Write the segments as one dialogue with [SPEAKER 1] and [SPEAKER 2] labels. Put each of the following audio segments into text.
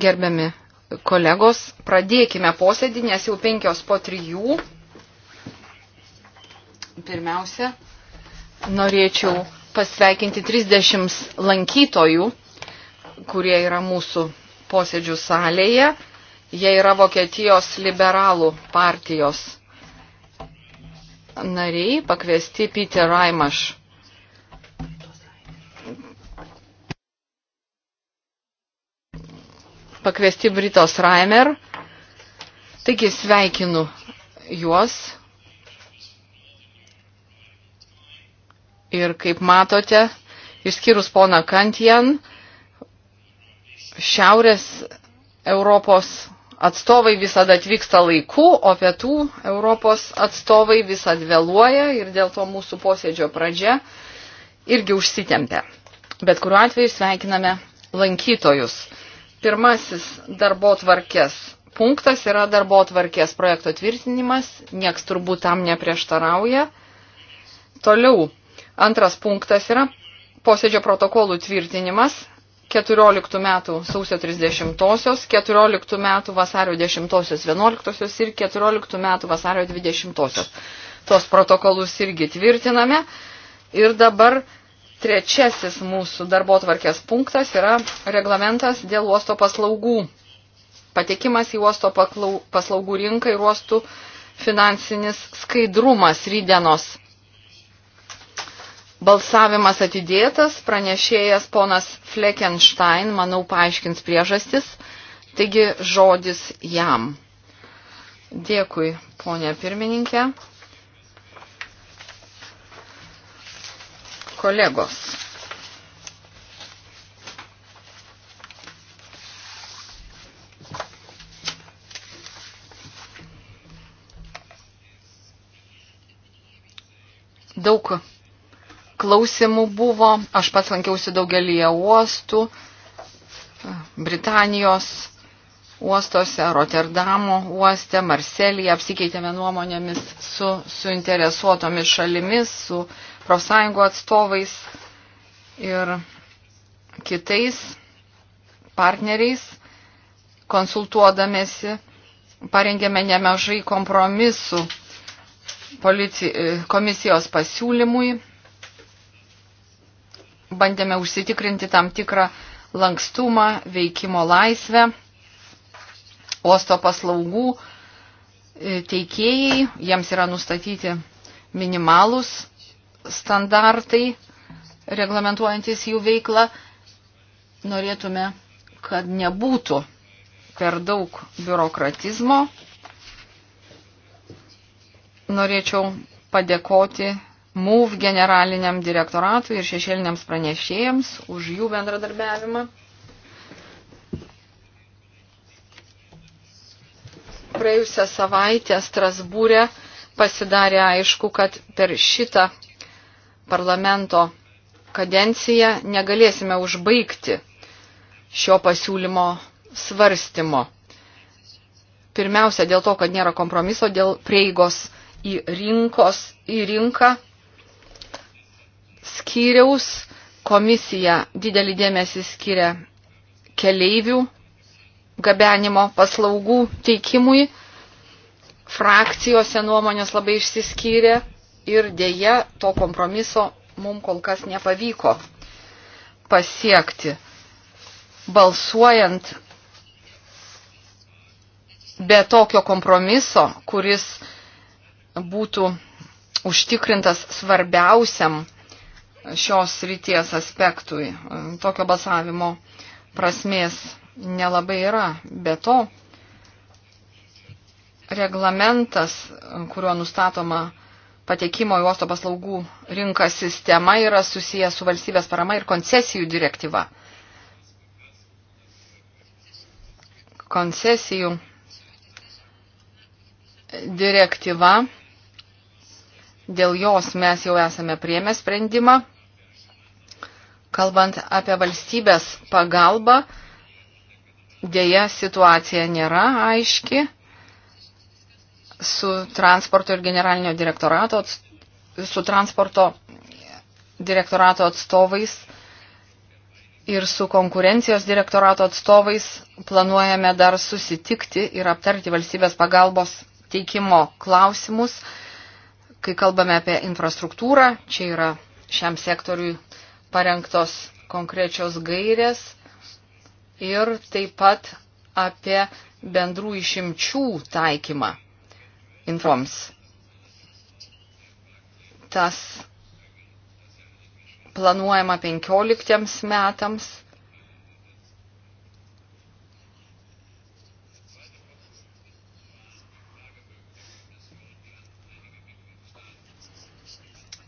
[SPEAKER 1] Gerbiami kolegos, pradėkime posėdį, nes jau penkios po trijų. Pirmiausia, norėčiau pasveikinti 30 lankytojų, kurie yra mūsų posėdžių salėje. Jie yra Vokietijos liberalų partijos nariai, pakviesti Peter Raimaš pakviesti Britos Raimer. Taigi sveikinu juos. Ir kaip matote, išskyrus poną Kantien, šiaurės Europos atstovai visada atvyksta laiku, o pietų Europos atstovai visada vėluoja ir dėl to mūsų posėdžio pradžia irgi užsitempia. Bet kuriuo atveju sveikiname lankytojus. Pirmasis darbo tvarkės punktas yra darbo tvarkės projekto tvirtinimas, nieks turbūt tam neprieštarauja. Toliau, antras punktas yra posėdžio protokolų tvirtinimas 14 metų sausio 30-osios, 14 metų vasario 10-osios, 11-osios ir 14 metų vasario 20-osios. Tos protokolus irgi tvirtiname. Ir dabar Trečiasis mūsų darbo tvarkės punktas yra reglamentas dėl uosto paslaugų. Patekimas į uosto paslaugų rinką ir uostų finansinis skaidrumas rydenos. Balsavimas atidėtas, pranešėjas ponas Fleckenstein, manau, paaiškins priežastis, taigi žodis jam. Dėkui, ponė pirmininkė. kolegos. Daug klausimų buvo, aš pats lankiausi daugelį uostų, Britanijos uostuose, Rotterdamo uoste, Marselėje, apsikeitėme nuomonėmis su suinteresuotomis šalimis, su profsąjungų atstovais ir kitais partneriais konsultuodamėsi parengėme nemažai kompromisų polici, komisijos pasiūlymui. Bandėme užsitikrinti tam tikrą lankstumą, veikimo laisvę, uosto paslaugų e, teikėjai, jiems yra nustatyti minimalus standartai, reglamentuojantis jų veiklą, norėtume, kad nebūtų per daug biurokratizmo. Norėčiau padėkoti MUV generaliniam direktoratui ir šešėliniams pranešėjams už jų bendradarbiavimą. Praėjusią savaitę Strasbūrė pasidarė aišku, kad per šitą parlamento kadenciją negalėsime užbaigti šio pasiūlymo svarstymo. Pirmiausia, dėl to, kad nėra kompromiso, dėl prieigos į, rinkos, į rinką skyriaus komisija didelį dėmesį skiria keleivių gabenimo paslaugų teikimui. Frakcijose nuomonės labai išsiskyrė ir dėja to kompromiso mums kol kas nepavyko pasiekti. Balsuojant be tokio kompromiso, kuris būtų užtikrintas svarbiausiam šios ryties aspektui, tokio balsavimo prasmės nelabai yra. Be to, reglamentas, kuriuo nustatoma patekimo į uosto paslaugų rinką sistema yra susijęs su valstybės parama ir koncesijų direktyva. Koncesijų direktyva, dėl jos mes jau esame priėmę sprendimą. Kalbant apie valstybės pagalbą, dėja situacija nėra aiški su transporto ir generalinio direktorato, su transporto direktorato atstovais ir su konkurencijos direktorato atstovais planuojame dar susitikti ir aptarti valstybės pagalbos teikimo klausimus. Kai kalbame apie infrastruktūrą, čia yra šiam sektoriui parengtos konkrečios gairės ir taip pat apie bendrų išimčių taikymą informs, tas planuojama 15 metams.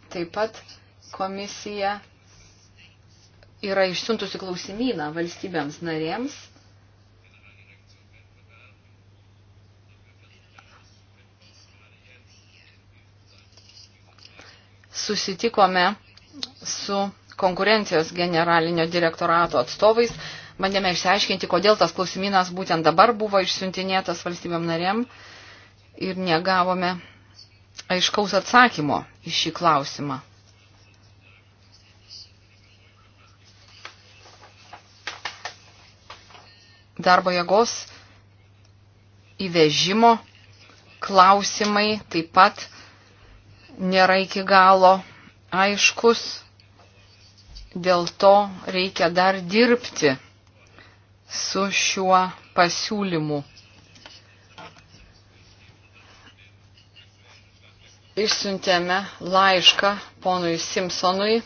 [SPEAKER 1] Taip pat komisija yra išsiuntusi klausimyną valstybėms narėms susitikome su konkurencijos generalinio direktorato atstovais, bandėme išsiaiškinti, kodėl tas klausimynas būtent dabar buvo išsiuntinėtas valstybėm narėm ir negavome aiškaus atsakymo į šį klausimą. Darbo jėgos įvežimo klausimai taip pat nėra iki galo aiškus, dėl to reikia dar dirbti su šiuo pasiūlymu. Išsiuntėme laišką ponui Simpsonui,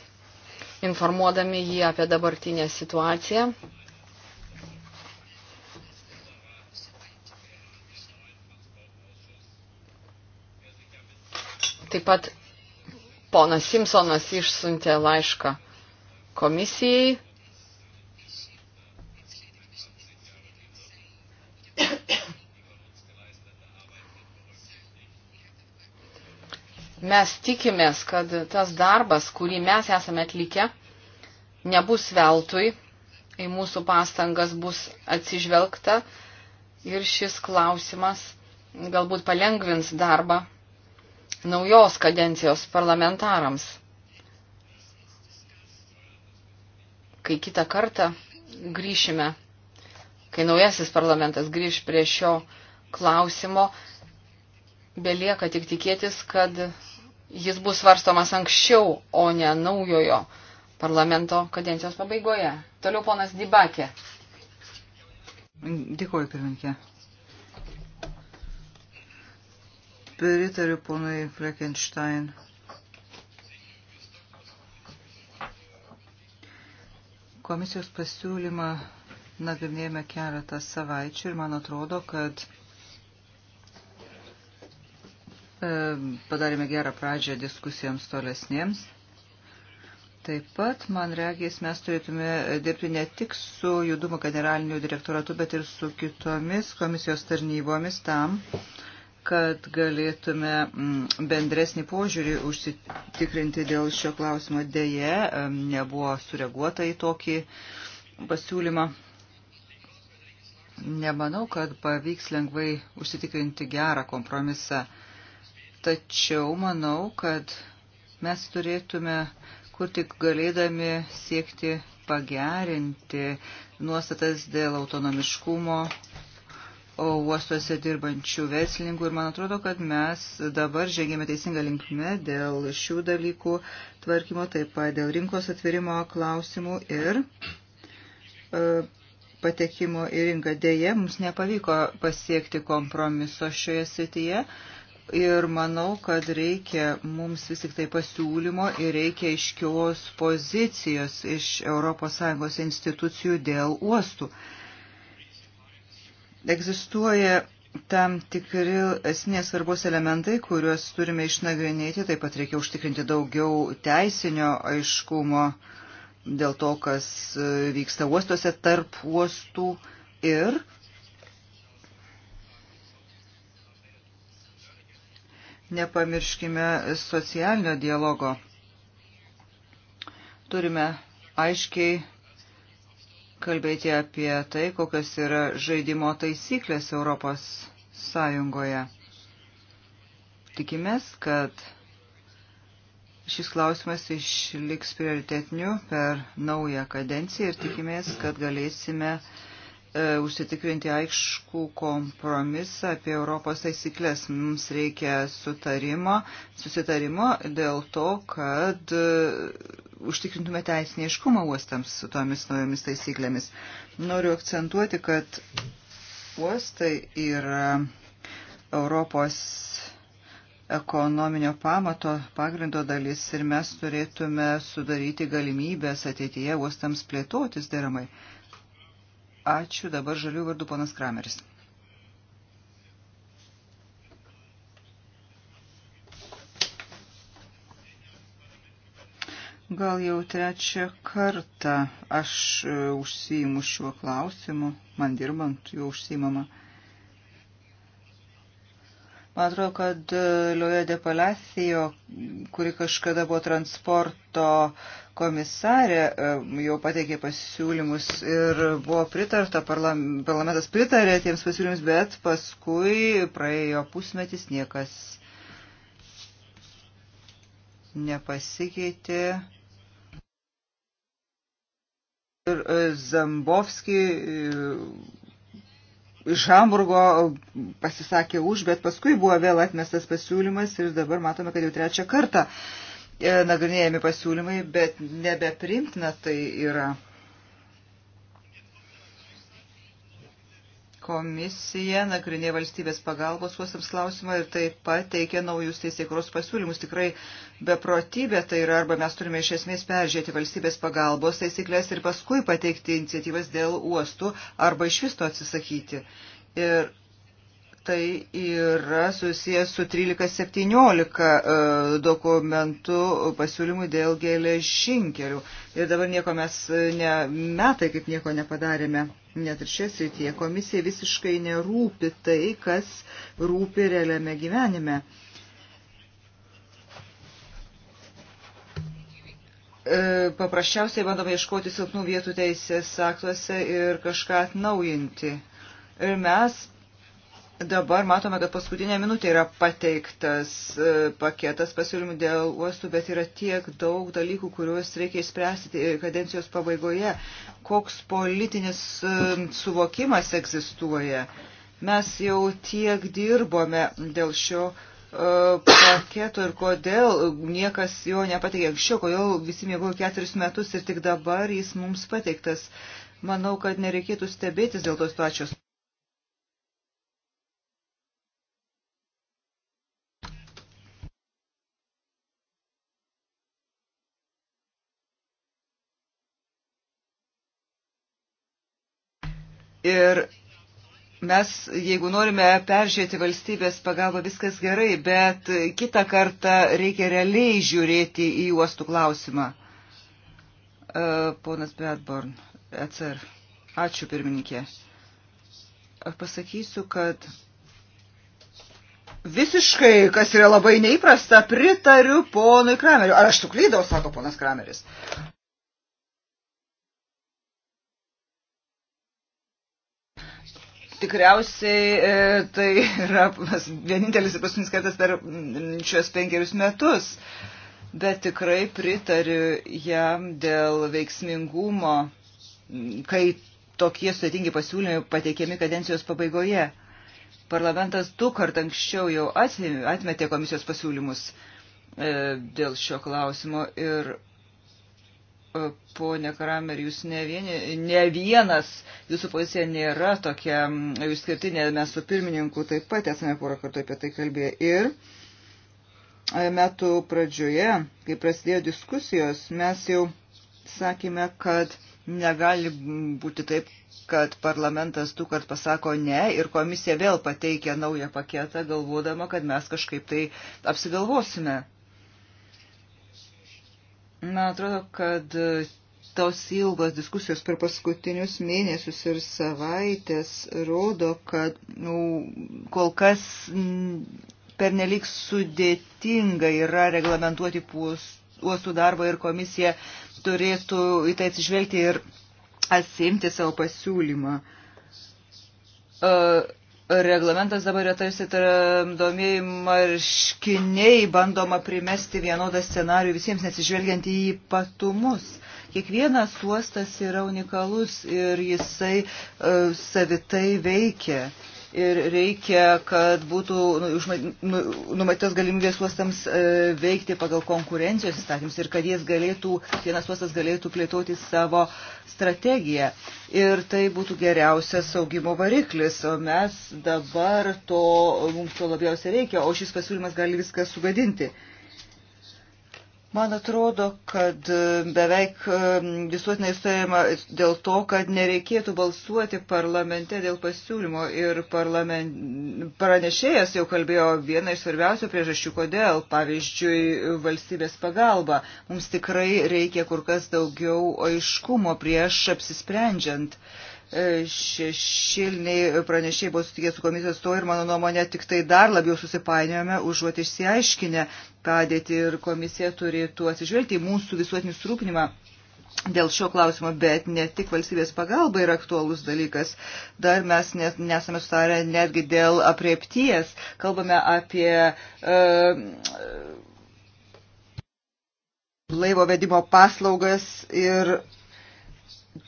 [SPEAKER 1] informuodami jį apie dabartinę situaciją. Taip pat ponas Simpsonas išsuntė laišką komisijai. Mes tikimės, kad tas darbas, kurį mes esame atlikę, nebus veltui, į mūsų pastangas bus atsižvelgta ir šis klausimas galbūt palengvins darbą naujos kadencijos parlamentarams. Kai kitą kartą grįšime, kai naujasis parlamentas grįž prie šio klausimo, belieka tik tikėtis, kad jis bus svarstomas anksčiau, o ne naujojo parlamento kadencijos pabaigoje. Toliau ponas Dibakė.
[SPEAKER 2] Dėkuoju, pirminkė. Pritariu ponui Fleckenstein. Komisijos pasiūlymą nagrinėjame keletą savaičių ir man atrodo, kad e, padarėme gerą pradžią diskusijoms tolesniems. Taip pat, man regės, mes turėtume dirbti ne tik su judumo generaliniu direktoratu, bet ir su kitomis komisijos tarnybomis tam, kad galėtume mm, bendresnį požiūrį užsitikrinti dėl šio klausimo. Deja, nebuvo sureaguota į tokį pasiūlymą. Nemanau, kad pavyks lengvai užsitikrinti gerą kompromisą. Tačiau manau, kad mes turėtume, kur tik galėdami, siekti pagerinti nuostatas dėl autonomiškumo, uostuose dirbančių verslininkų ir man atrodo, kad mes dabar žengėme teisingą linkme dėl šių dalykų tvarkymo, taip pat dėl rinkos atvirimo klausimų ir e, patekimo į rinką. Deja, mums nepavyko pasiekti kompromiso šioje srityje. Ir manau, kad reikia mums vis tik tai pasiūlymo ir reikia iškios pozicijos iš ES institucijų dėl uostų. Uh, Egzistuoja tam tikri esminės svarbos elementai, kuriuos turime išnagrinėti, taip pat reikia užtikrinti daugiau teisinio aiškumo dėl to, kas vyksta uostuose tarp uostų ir nepamirškime socialinio dialogo. Turime aiškiai kalbėti apie tai, kokios yra žaidimo taisyklės Europos Sąjungoje. Tikimės, kad šis klausimas išliks prioritetiniu per naują kadenciją ir tikimės, kad galėsime uh, E, užsitikrinti aišku kompromisą apie Europos taisyklės. Mums reikia sutarimo, susitarimo dėl to, kad e, užtikrintume teisinį iškumą uostams su tomis naujomis taisyklėmis. Noriu akcentuoti, kad uostai yra Europos ekonominio pamato pagrindo dalis ir mes turėtume sudaryti galimybės ateityje uostams plėtotis deramai. Ačiū dabar žalių vardų ponas Krameris. Gal jau trečią kartą aš e, užsijimu šiuo klausimu, man dirbant jau užsimama. Man atrodo, kad e, Lioja de Palacio, kuri kažkada buvo transporto komisarė, e, jau pateikė pasiūlymus ir buvo pritarta, parlamentas pritarė tiems pasiūlymus, bet paskui praėjo pusmetis, niekas nepasikeitė. Ir e, Zambovski iš Hamburgo pasisakė už, bet paskui buvo vėl atmestas pasiūlymas ir dabar matome, kad jau trečią kartą e, nagrinėjami pasiūlymai, bet nebeprimtina tai yra. Komisija nagrinė valstybės pagalbos uostams klausimą ir taip pat teikia naujus teisėkros pasiūlymus. Tikrai beprotybė tai yra, arba mes turime iš esmės peržiūrėti valstybės pagalbos taisyklės ir paskui pateikti iniciatyvas dėl uostų, arba iš viso atsisakyti. Ir tai yra susijęs su 13-17 e, dokumentu pasiūlymu dėl geležinkelių. Ir dabar nieko mes e, ne, metai kaip nieko nepadarėme. Net ir šioje srityje komisija visiškai nerūpi tai, kas rūpi realiame gyvenime. E, paprasčiausiai bandome ieškoti silpnų vietų teisės aktuose ir kažką atnaujinti. Ir mes Dabar matome, kad paskutinė minutė yra pateiktas e, paketas pasiūlymų dėl uostų, bet yra tiek daug dalykų, kuriuos reikia įspręsti kadencijos pabaigoje. Koks politinis e, suvokimas egzistuoja? Mes jau tiek dirbome dėl šio e, paketo ir kodėl niekas jo nepateikė anksčiau, kodėl visi mėgojo keturis metus ir tik dabar jis mums pateiktas. Manau, kad nereikėtų stebėtis dėl tos pačios. Ir mes, jeigu norime peržiūrėti valstybės pagalbą, viskas gerai, bet kitą kartą reikia realiai žiūrėti į uostų klausimą. E, ponas Bradborn, ECR. Ačiū pirmininkė. Aš pasakysiu, kad visiškai, kas yra labai neįprasta, pritariu ponui Krameriu. Ar aš suklydau, sako ponas Krameris. tikriausiai e, tai yra vienintelis ir paskutinis kartas per šios penkerius metus, bet tikrai pritariu jam dėl veiksmingumo, kai tokie sudėtingi pasiūlymai pateikiami kadencijos pabaigoje. Parlamentas du kart anksčiau jau atmetė komisijos pasiūlymus e, dėl šio klausimo ir Pone Kramer, jūs ne, vieni, ne vienas, jūsų pozicija nėra tokia išskirtinė, mes su pirmininku taip pat esame porą kartų apie tai kalbėję. Ir e, metų pradžioje, kai prasidėjo diskusijos, mes jau sakėme, kad negali būti taip, kad parlamentas du kart pasako ne ir komisija vėl pateikia naują paketą, galvodama, kad mes kažkaip tai apsigalvosime Man atrodo, kad tos ilgos diskusijos per paskutinius mėnesius ir savaitės rodo, kad nu, kol kas pernelik sudėtinga yra reglamentuoti uostų darbą ir komisija turėtų į tai atsižvelgti ir atsimti savo pasiūlymą. Uh, reglamentas dabar yra tarsi tramdomieji marškiniai, bandoma primesti vienodą scenarių visiems, nesižvelgiant į patumus. Kiekvienas uostas yra unikalus ir jisai uh, savitai veikia. Uh, ir reikia, kad būtų nu, nu, numatytos galimybės uostams e, veikti pagal konkurencijos įstatymus ir kad jis galėtų, vienas uostas galėtų plėtoti savo strategiją. Ir tai būtų geriausias saugimo variklis, o mes dabar to, mums to labiausiai reikia, o šis pasiūlymas gali viską sugadinti. Man atrodo, kad e, beveik e, visuotinai stojama dėl to, kad nereikėtų balsuoti parlamente dėl pasiūlymo ir parlament... pranešėjas jau kalbėjo vieną iš svarbiausių priežasčių, kodėl, pavyzdžiui, valstybės pagalba. Mums tikrai reikia kur kas daugiau aiškumo prieš apsisprendžiant E, šešilniai pranešiai buvo sutikę su komisijos to ir mano nuomonė tik tai dar labiau susipainiojame, užuot išsiaiškinę padėtį ir komisija turėtų atsižvelgti į mūsų visuotinį surūpinimą dėl šio klausimo, bet ne tik valstybės pagalba yra aktualus dalykas. Dar mes net, nesame sutarę netgi dėl apriepties. Kalbame apie uh, laivo vedimo paslaugas ir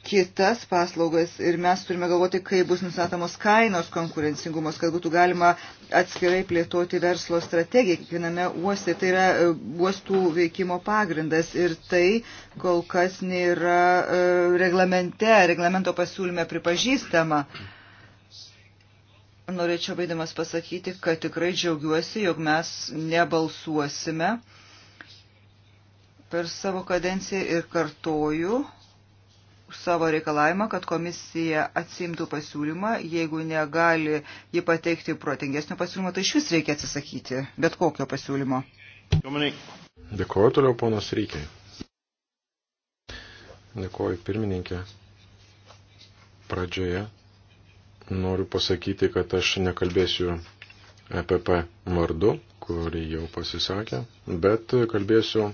[SPEAKER 2] kitas paslaugas ir mes turime galvoti, kaip bus nustatomos kainos konkurencingumos, kad būtų galima atskirai plėtoti verslo strategiją kiekviename uoste. Tai yra e, uostų veikimo pagrindas ir tai kol kas nėra e, reglamente, reglamento pasiūlyme pripažįstama. Norėčiau baidamas pasakyti, kad tikrai džiaugiuosi, jog mes nebalsuosime per savo kadenciją ir kartoju savo reikalavimą, kad komisija atsimtų pasiūlymą. Jeigu negali jį pateikti protingesnio pasiūlymo, tai iš vis reikia atsisakyti bet kokio pasiūlymo. Dominik.
[SPEAKER 3] Dėkuoju toliau, ponas Rykiai. Dėkuoju, pirmininkė. Pradžioje noriu pasakyti, kad aš nekalbėsiu EPP vardu, kurį jau pasisakė, bet kalbėsiu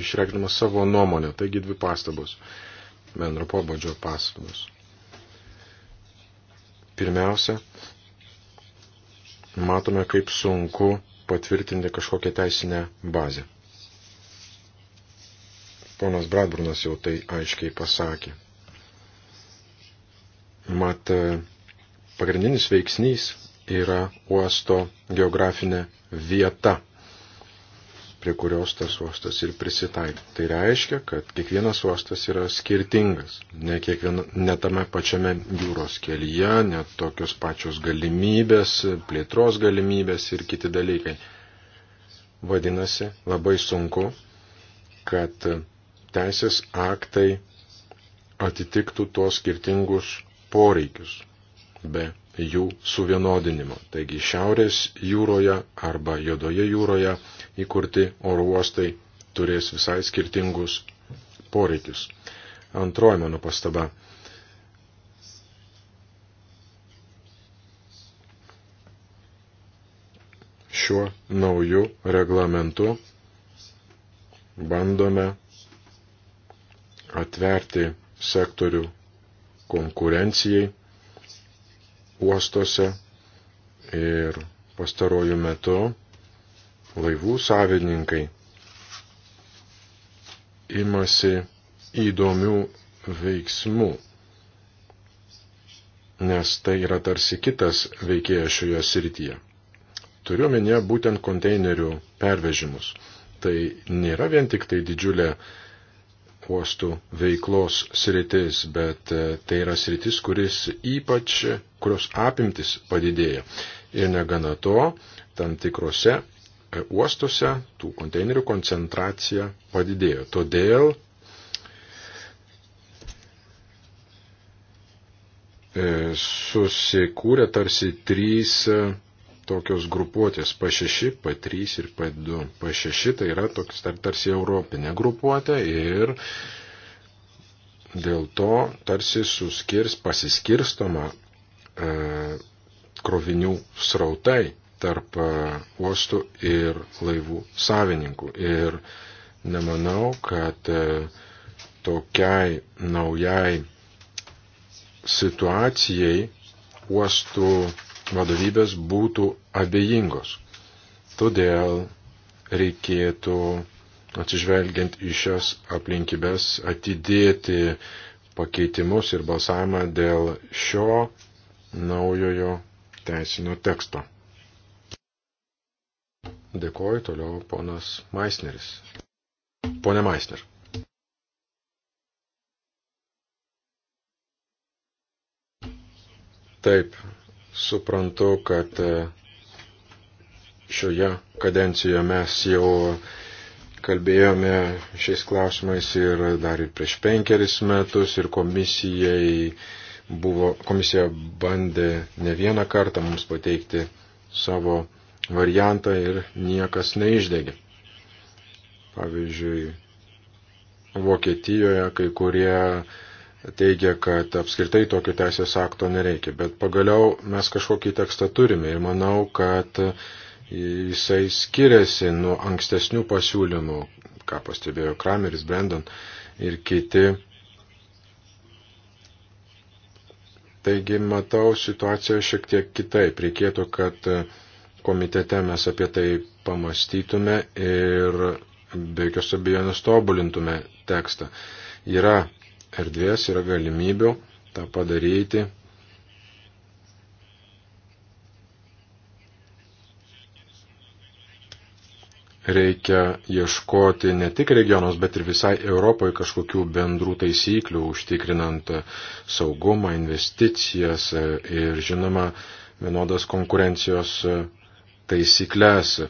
[SPEAKER 3] išreikšdamas savo nuomonę, taigi dvi pastabos bendro pobūdžio pastabos. Pirmiausia, matome, kaip sunku patvirtinti kažkokią teisinę bazę. Ponas Bradburnas jau tai aiškiai pasakė. Mat, e, pagrindinis veiksnys yra uosto geografinė vieta prie kurios tas uostas ir prisitaikė. Tai reiškia, kad kiekvienas uostas yra skirtingas. Ne, kiekviena, ne tame pačiame jūros kelyje, net tokios pačios galimybės, plėtros galimybės ir kiti dalykai. Vadinasi, labai sunku, kad teisės aktai atitiktų tuos skirtingus poreikius be jų suvienodinimo. Taigi šiaurės jūroje arba juodoje jūroje įkurti oro uostai turės visai skirtingus poreikius. Antroji mano pastaba. Šiuo nauju reglamentu bandome atverti sektorių konkurencijai uostuose ir pastarojų metu laivų savininkai imasi įdomių veiksmų, nes tai yra tarsi kitas veikėjas šioje srityje. Turiu minė būtent konteinerių pervežimus. Tai nėra vien tik tai didžiulė uostų veiklos sritis, bet e, tai yra sritis, kuris ypač, kurios apimtis padidėja. Ir negana to, tam tikrose E, uostuose tų konteinerių koncentracija padidėjo. Todėl e, susikūrė tarsi trys e, tokios grupuotės P6, P3 ir P2. P6 tai yra toks tarsi europinė grupuotė ir dėl to tarsi suskirs pasiskirstoma e, krovinių srautai tarp e, uostų ir laivų savininkų. Ir nemanau, kad e, tokiai naujai situacijai uostų vadovybės būtų abejingos. Todėl reikėtų, atsižvelgiant į šias aplinkybės, atidėti pakeitimus ir balsavimą dėl šio naujojo teisinio teksto. Dėkoju toliau ponas Maisneris. Pone Maisner. Taip, suprantu, kad e, šioje kadencijoje mes jau kalbėjome šiais klausimais ir dar ir prieš penkeris metus ir komisijai buvo, komisija bandė ne vieną kartą mums pateikti savo variantą ir niekas neišdegė. Pavyzdžiui, Vokietijoje kai kurie teigia, kad apskritai tokio teisės akto nereikia, bet pagaliau mes kažkokį tekstą turime ir manau, kad jisai skiriasi nuo ankstesnių pasiūlymų, ką pastebėjo Krameris, Brandon ir kiti. Taigi matau situaciją šiek tiek kitaip. Reikėtų, kad uh, komitete mes apie tai pamastytume ir be jokios abejonės tobulintume tekstą. Yra erdvės, yra galimybių tą padaryti. Reikia ieškoti ne tik regionos, bet ir visai Europoje kažkokių bendrų taisyklių, užtikrinant saugumą, investicijas ir, žinoma, vienodas konkurencijos taisyklės, e,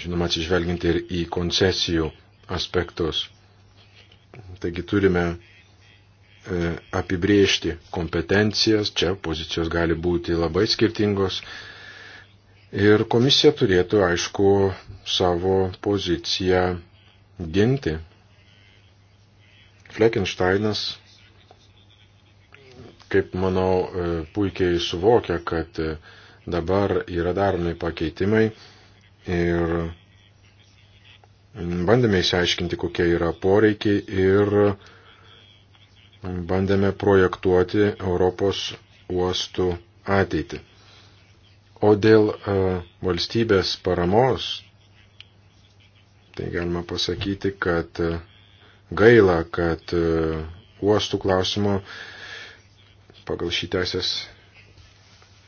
[SPEAKER 3] žinoma, atsižvelgiant ir į koncesijų aspektus. Taigi turime e, apibriežti kompetencijas, čia pozicijos gali būti labai skirtingos ir komisija turėtų, aišku, savo poziciją ginti. Fleckensteinas, kaip manau, e, puikiai suvokia, kad Dabar yra daromi pakeitimai ir bandėme išsiaiškinti, kokie yra poreikiai ir bandėme projektuoti Europos uostų ateitį. O dėl e, valstybės paramos, tai galima pasakyti, kad e, gaila, kad e, uostų klausimo pagal šį teisės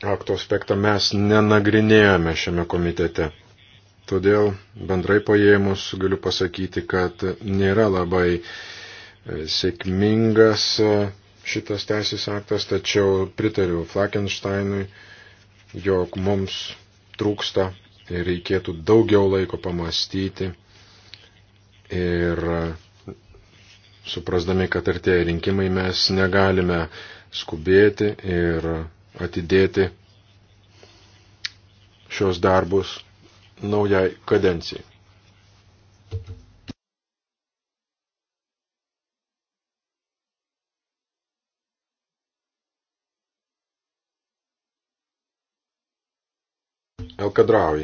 [SPEAKER 3] akto aspektą mes nenagrinėjome šiame komitete. Todėl bendrai paėmus galiu pasakyti, kad nėra labai e, sėkmingas e, šitas teisės aktas, tačiau pritariu Flakensteinui, jog mums trūksta ir reikėtų daugiau laiko pamastyti ir e, suprasdami, kad artėja rinkimai, mes negalime skubėti ir atidėti šios darbus naujai kadencijai. Elkadraui.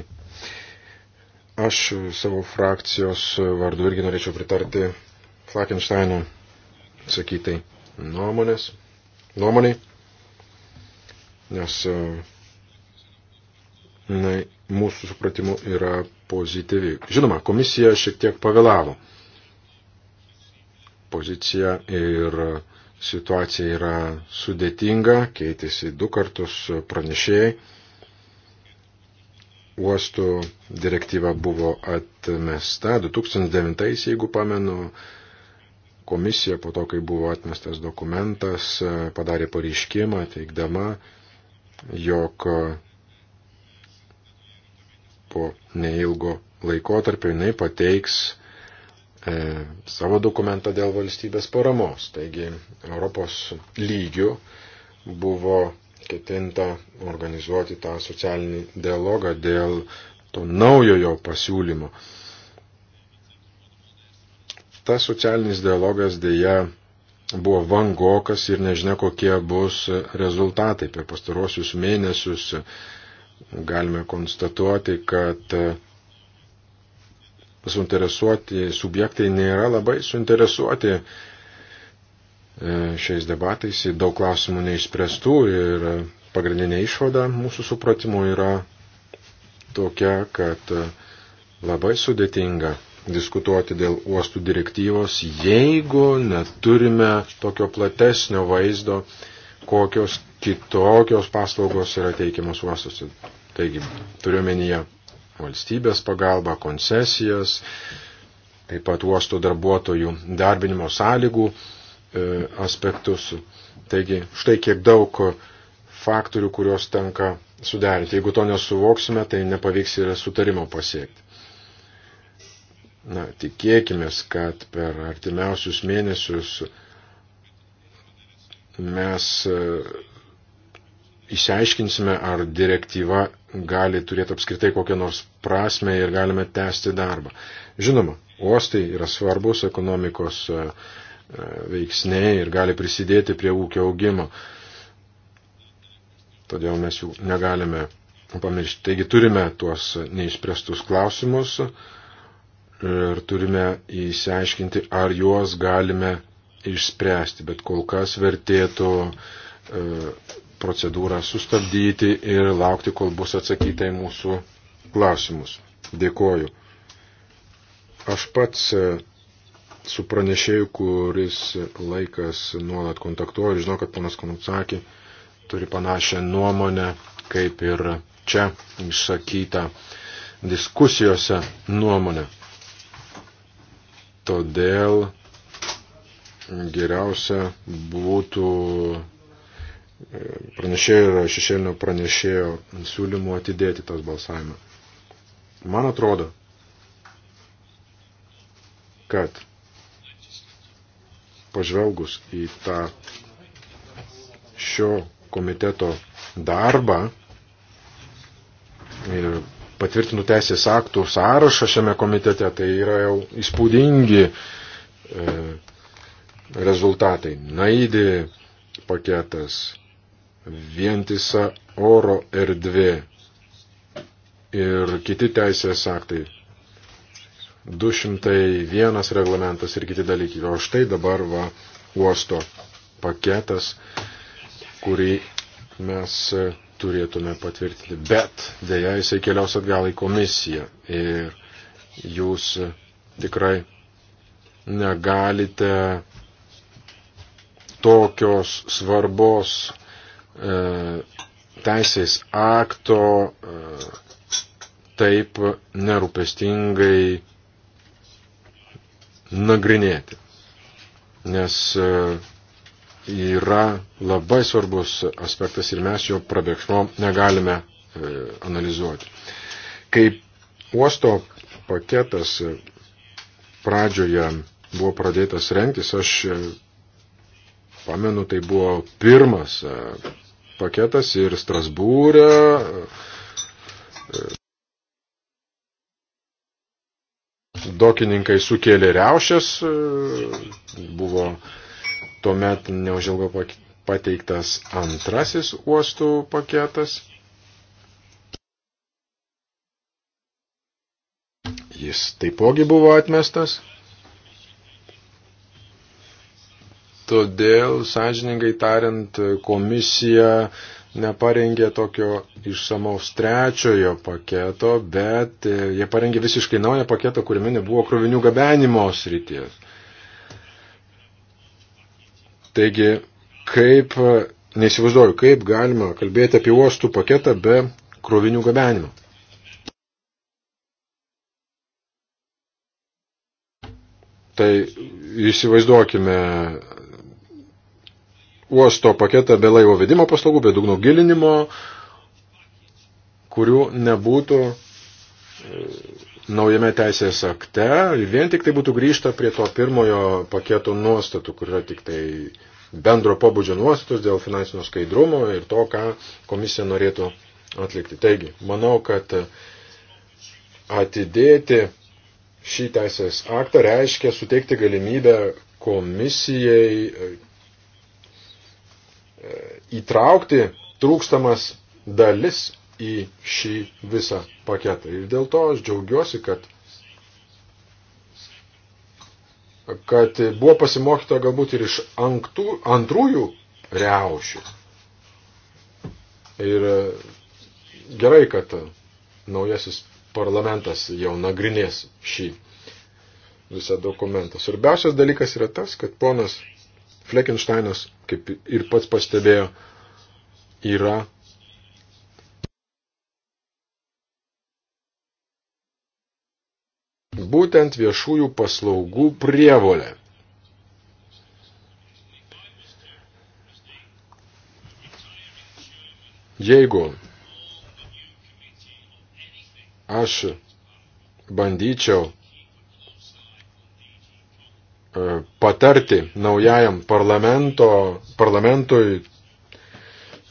[SPEAKER 3] Aš savo frakcijos vardu irgi norėčiau pritarti Flakensteino sakytai nuomonės, nuomoniai nes e, na, mūsų supratimu yra pozityvi. Žinoma, komisija šiek tiek pavėlavo. Pozicija ir situacija yra sudėtinga, keitėsi du kartus pranešėjai. Uostų direktyva buvo atmesta 2009, jeigu pamenu, komisija po to, kai buvo atmestas dokumentas, padarė pareiškimą teikdama, jog e, po neilgo laikotarpio jinai pateiks e, savo dokumentą dėl valstybės paramos. Taigi Europos lygių buvo ketinta organizuoti tą socialinį dialogą dėl to naujojo pasiūlymo. Tas socialinis dialogas dėja buvo vangokas ir nežinia, kokie bus rezultatai. Per pastarosius mėnesius galime konstatuoti, kad suinteresuoti subjektai nėra labai suinteresuoti e, šiais debatais, daug klausimų neišspręstų ir pagrindinė išvada mūsų supratimu yra tokia, kad labai sudėtinga diskutuoti dėl uostų direktyvos, jeigu neturime tokio platesnio vaizdo, kokios kitokios paslaugos yra teikiamos uostose. Taigi, turiuomenyje valstybės pagalbą, koncesijas, taip pat uosto darbuotojų darbinimo sąlygų e, aspektus. Taigi, štai kiek daug faktorių, kuriuos tenka suderinti. Jeigu to nesuvoksime, tai nepavyks ir sutarimo pasiekti. Na, tikėkime, kad per artimiausius mėnesius mes e, išsiaiškinsime, ar direktyva gali turėti apskritai kokią nors prasme ir galime tęsti darbą. Žinoma, uostai yra svarbus ekonomikos e, e, veiksniai ir gali prisidėti prie ūkio augimo. Todėl mes jų negalime pamiršti. Taigi turime tuos neišspręstus klausimus ir turime įsiaiškinti, ar juos galime išspręsti, bet kol kas vertėtų e, procedūrą sustabdyti ir laukti, kol bus atsakyta į mūsų klausimus. Dėkoju. Aš pats e, su pranešėju, kuris laikas nuolat kontaktuoja ir žinau, kad panas Konutsakė turi panašią nuomonę, kaip ir čia išsakyta diskusijose nuomonę. Todėl geriausia būtų e, pranešėjo ir šešėlinio pranešėjo siūlymų atidėti tas balsavimą. Man atrodo, kad pažvelgus į tą šio komiteto darbą ir patvirtintų teisės aktų sąrašą šiame komitete, tai yra jau įspūdingi e, rezultatai. Naidė paketas, vientisa oro erdvė ir kiti teisės aktai. 201 reglamentas ir kiti dalykai. O štai dabar va uosto paketas, kurį mes e, turėtume patvirtinti, bet dėja jisai keliaus atgal į komisiją ir jūs tikrai negalite tokios svarbos e, teisės akto e, taip nerūpestingai nagrinėti. Nes e, yra labai svarbus aspektas ir mes jo prabėgsmo negalime e, analizuoti. Kaip uosto paketas pradžioje buvo pradėtas renktis, aš e, pamenu, tai buvo pirmas e, paketas ir Strasbūrė. Dokininkai sukėlė riaušės, buvo Tuomet neužilgo pateiktas antrasis uostų paketas. Jis taipogi buvo atmestas. Todėl, sąžiningai tariant, komisija neparengė tokio išsamaus trečiojo paketo, bet jie parengė visiškai naują paketą, kuriame nebuvo krovinių gabenimo srities. Taigi, kaip, neįsivaizduoju, kaip galima kalbėti apie uostų paketą be krovinių gabenimo. Tai įsivaizduokime uosto paketą be laivo vedimo paslaugų, be dugno gilinimo, kurių nebūtų e, naujame teisės akte vien tik tai būtų grįžta prie to pirmojo paketo nuostatų, kur yra tik tai bendro pobūdžio nuostatos dėl finansinio skaidrumo ir to, ką komisija norėtų atlikti. Taigi, manau, kad atidėti šį teisės aktą reiškia suteikti galimybę komisijai e, e, įtraukti trūkstamas dalis į šį visą paketą. Ir dėl to aš džiaugiuosi, kad, kad buvo pasimokyta galbūt ir iš anktų, antrųjų reušių. Ir e, gerai, kad naujasis parlamentas jau nagrinės šį visą dokumentą. Svarbiausias dalykas yra tas, kad ponas Fleckensteinas, kaip ir pats pastebėjo, yra būtent viešųjų paslaugų prievolė. Jeigu aš bandyčiau e, patarti naujajam parlamentui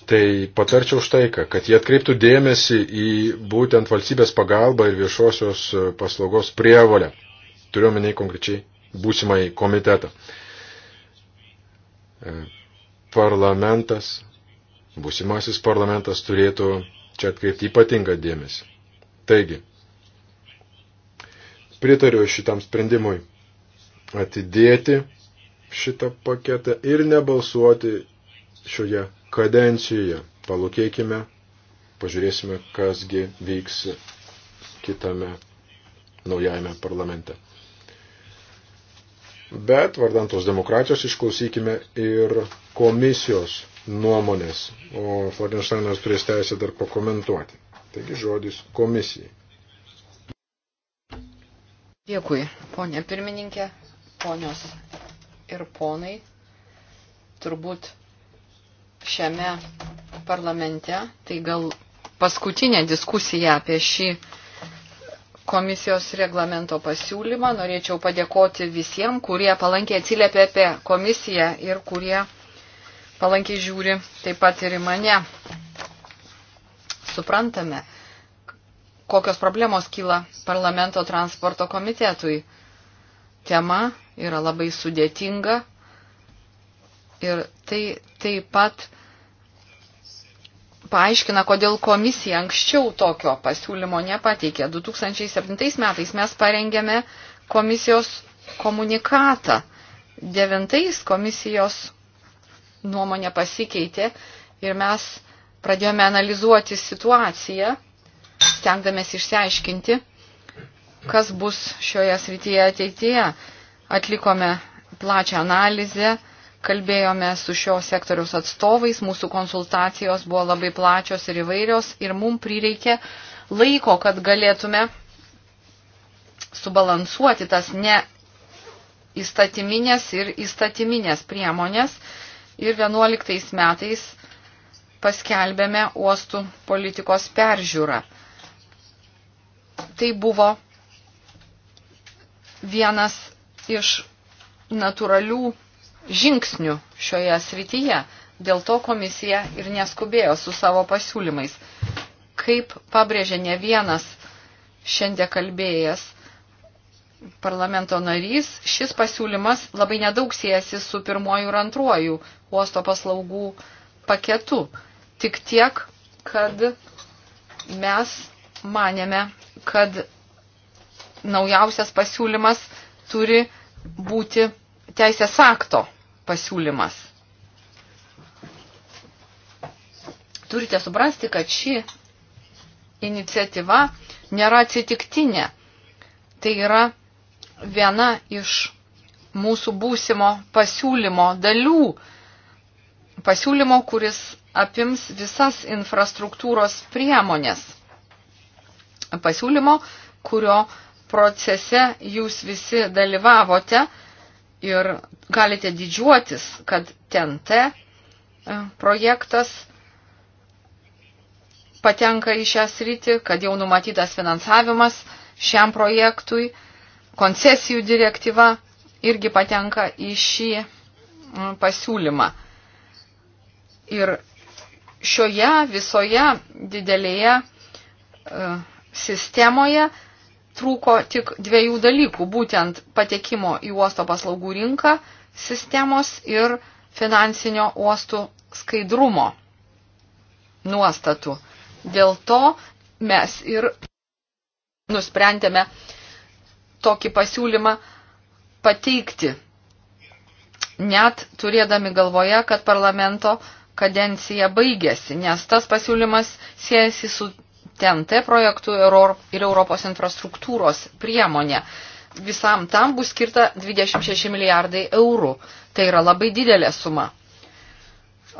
[SPEAKER 3] tai patarčiau štai ką, kad jie atkreiptų dėmesį į būtent valstybės pagalbą ir viešosios paslaugos prievalę. Turiuomeniai konkrečiai būsimai komitetą. E, parlamentas, būsimasis parlamentas turėtų čia atkreipti ypatingą dėmesį. Taigi, pritariu šitam sprendimui atidėti šitą paketą ir nebalsuoti šioje kadencijoje. Palūkėkime, pažiūrėsime, kasgi vyks kitame naujajame parlamente. Bet vardant tos demokratijos išklausykime ir komisijos nuomonės, o Florensteinas turės teisę dar pakomentuoti. Taigi žodis komisijai.
[SPEAKER 1] Dėkui, ponė pirmininkė, ponios ir ponai. Turbūt šiame parlamente. Tai gal paskutinė diskusija apie šį komisijos reglamento pasiūlymą. Norėčiau padėkoti visiems, kurie palankiai atsiliepė apie komisiją ir kurie palankiai žiūri taip pat ir į mane. Suprantame, kokios problemos kyla parlamento transporto komitetui. Tema yra labai sudėtinga ir tai taip pat paaiškina, kodėl komisija anksčiau tokio pasiūlymo nepateikė. 2007 metais mes parengėme komisijos komunikatą. Devintais komisijos nuomonė pasikeitė ir mes pradėjome analizuoti situaciją, stengdamės išsiaiškinti, kas bus šioje srityje ateityje. Atlikome plačią analizę, kalbėjome su šio sektoriaus atstovais, mūsų konsultacijos buvo labai plačios ir įvairios ir mums prireikė laiko, kad galėtume subalansuoti tas ne įstatyminės ir įstatyminės priemonės. Ir 11 metais paskelbėme uostų politikos peržiūrą. Tai buvo vienas iš natūralių žingsnių šioje srityje. Dėl to komisija ir neskubėjo su savo pasiūlymais. Kaip pabrėžė ne vienas šiandien kalbėjęs parlamento narys, šis pasiūlymas labai nedaug siejasi su pirmoju ir antruoju uosto paslaugų paketu. Tik tiek, kad mes manėme, kad naujausias pasiūlymas turi būti teisės akto pasiūlymas. Turite suprasti, kad ši iniciatyva nėra atsitiktinė. Tai yra viena iš mūsų būsimo pasiūlymo dalių. Pasiūlymo, kuris apims visas infrastruktūros priemonės. Pasiūlymo, kurio procese jūs visi dalyvavote Ir galite didžiuotis, kad TNT e, projektas patenka į šią sritį, kad jau numatytas finansavimas šiam projektui, koncesijų direktyva irgi patenka į šį pasiūlymą. Ir šioje visoje didelėje e, sistemoje trūko tik dviejų dalykų - būtent patekimo į uosto paslaugų rinką sistemos ir finansinio uostų skaidrumo nuostatų. Dėl to mes ir nusprendėme tokį pasiūlymą pateikti, net turėdami galvoje, kad parlamento kadencija baigėsi, nes tas pasiūlymas siejasi su TNT projektų ir Europos infrastruktūros priemonė. Visam tam bus skirta 26 milijardai eurų. Tai yra labai didelė suma.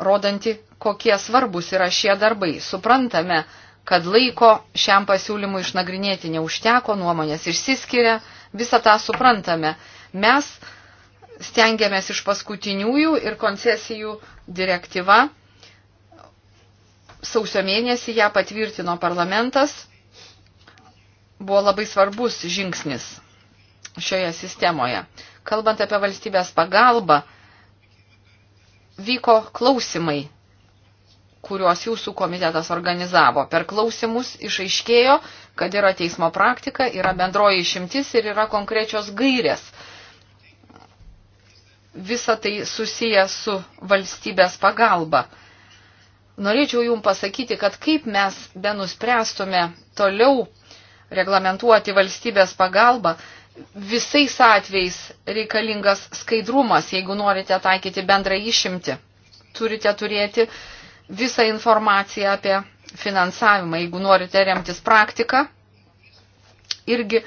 [SPEAKER 1] Rodanti, kokie svarbus yra šie darbai. Suprantame, kad laiko šiam pasiūlymui išnagrinėti neužteko, nuomonės išsiskiria, visą tą suprantame. Mes stengiamės iš paskutiniųjų ir koncesijų direktyva Sausio mėnesį ją patvirtino parlamentas. Buvo labai svarbus žingsnis šioje sistemoje. Kalbant apie valstybės pagalbą, vyko klausimai, kuriuos jūsų komitetas organizavo. Per klausimus išaiškėjo, kad yra teismo praktika, yra bendroji išimtis ir yra konkrečios gairės. Visa tai susiję su valstybės pagalba norėčiau jum pasakyti, kad kaip mes be nuspręstume toliau reglamentuoti valstybės pagalbą, visais atvejais reikalingas skaidrumas, jeigu norite taikyti bendrą išimti. Turite turėti visą informaciją apie finansavimą, jeigu norite remtis praktiką. Irgi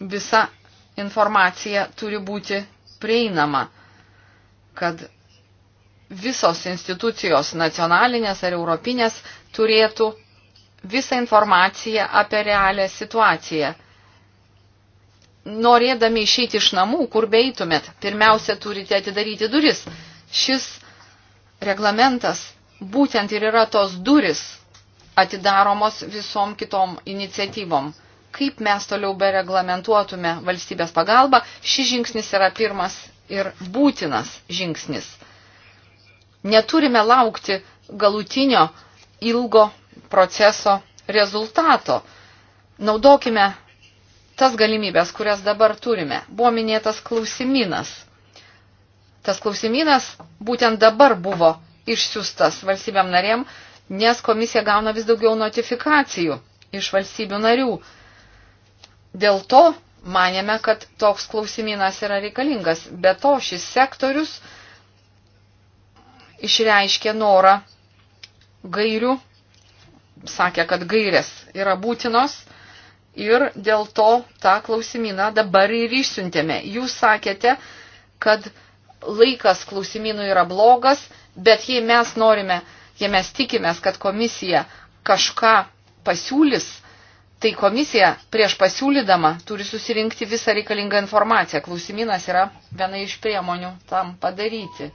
[SPEAKER 1] visa informacija turi būti prieinama, kad visos institucijos nacionalinės ar europinės turėtų visą informaciją apie realią situaciją. Norėdami išeiti iš namų, kur beitumėt, pirmiausia turite atidaryti duris. Šis reglamentas būtent ir yra tos duris atidaromos visom kitom iniciatyvom. Kaip mes toliau bereglamentuotume valstybės pagalbą, šis žingsnis yra pirmas ir būtinas žingsnis. Neturime laukti galutinio ilgo proceso rezultato. Naudokime tas galimybės, kurias dabar turime. Buvo minėtas klausimynas. Tas klausimynas būtent dabar buvo išsiustas valstybėm narėm, nes komisija gauna vis daugiau notifikacijų iš valstybių narių. Dėl to manėme, kad toks klausimynas yra reikalingas. Be to, šis sektorius išreiškė norą gairių, sakė, kad gairės yra būtinos ir dėl to tą klausimyną dabar ir išsiuntėme. Jūs sakėte, kad laikas klausimynų yra blogas, bet jei mes norime, jei mes tikimės, kad komisija kažką pasiūlys, tai komisija prieš pasiūlydama turi susirinkti visą reikalingą informaciją. Klausimynas yra viena iš priemonių tam padaryti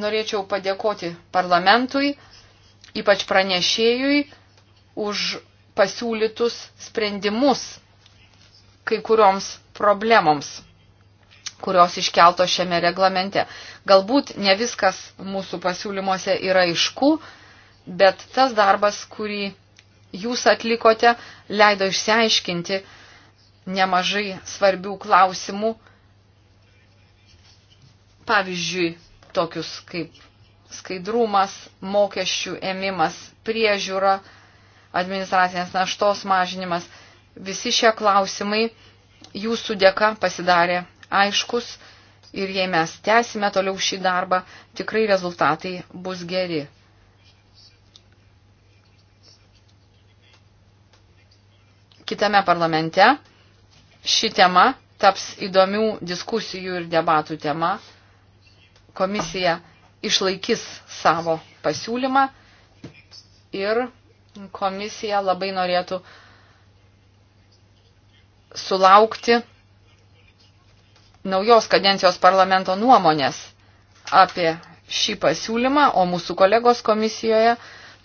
[SPEAKER 1] norėčiau padėkoti parlamentui, ypač pranešėjui, už pasiūlytus sprendimus kai kurioms problemoms, kurios iškelto šiame reglamente. Galbūt ne viskas mūsų pasiūlymuose yra aišku, bet tas darbas, kurį jūs atlikote, leido išsiaiškinti nemažai svarbių klausimų. Pavyzdžiui, tokius kaip skaidrumas, mokesčių ėmimas, priežiūra, administracinės naštos mažinimas. Visi šie klausimai jūsų dėka pasidarė aiškus ir jei mes tęsime toliau šį darbą, tikrai rezultatai bus geri. Kitame parlamente ši tema taps įdomių diskusijų ir debatų tema komisija išlaikys savo pasiūlymą ir komisija labai norėtų sulaukti naujos kadencijos parlamento nuomonės apie šį pasiūlymą, o mūsų kolegos komisijoje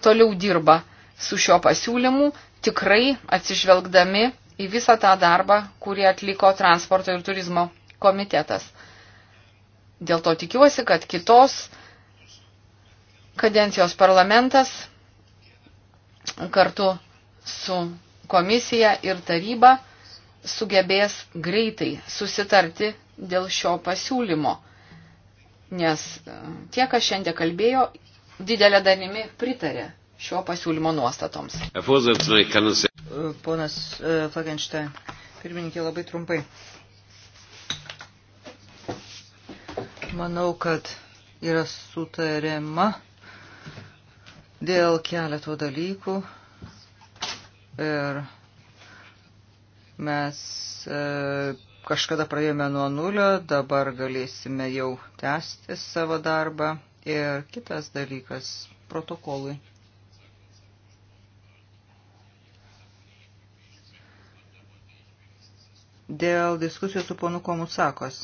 [SPEAKER 1] toliau dirba su šio pasiūlymu, tikrai atsižvelgdami į visą tą darbą, kurį atliko transporto ir turizmo komitetas. Dėl to tikiuosi, kad kitos kadencijos parlamentas kartu su komisija ir taryba sugebės greitai susitarti dėl šio pasiūlymo, nes e, tie, kas šiandien kalbėjo, didelė dalimi
[SPEAKER 2] pritarė šio pasiūlymo nuostatoms. Ponas e, Fagenštain, pirmininkė, labai trumpai. Manau, kad yra sutariama dėl keleto dalykų ir mes e, kažkada pradėjome nuo nulio, dabar galėsime jau tęsti savo darbą ir kitas dalykas protokolui. Dėl diskusijos su ponu Komutsakos.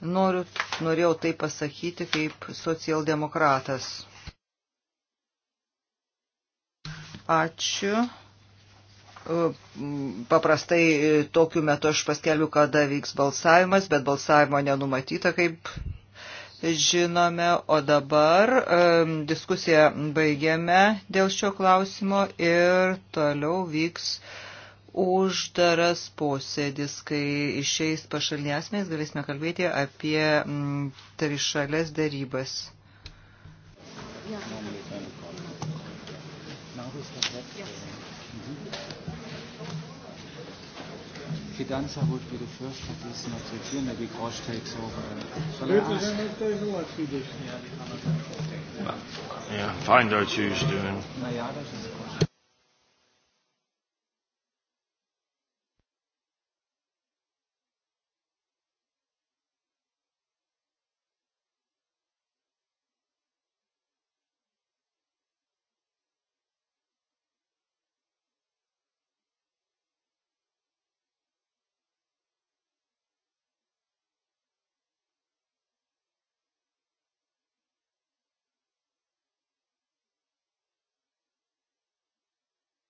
[SPEAKER 2] Noriu, norėjau tai pasakyti kaip socialdemokratas. Ačiū. E, paprastai e, tokiu metu aš paskelbiu, kada vyks balsavimas, bet balsavimo nenumatyta, kaip žinome. O dabar um, diskusiją baigiame dėl šio klausimo ir toliau vyks uh, uždaras posėdis, kai išeis pašalni asmenys, galėsime kalbėti apie m, mm, trišalės darybas. Yeah. Fidanza would be the first, but he's not so clear.
[SPEAKER 3] Maybe Grosch takes over. Shall I
[SPEAKER 2] ask?
[SPEAKER 3] Yeah, find out who's doing.
[SPEAKER 2] Naja, das ist Grosch.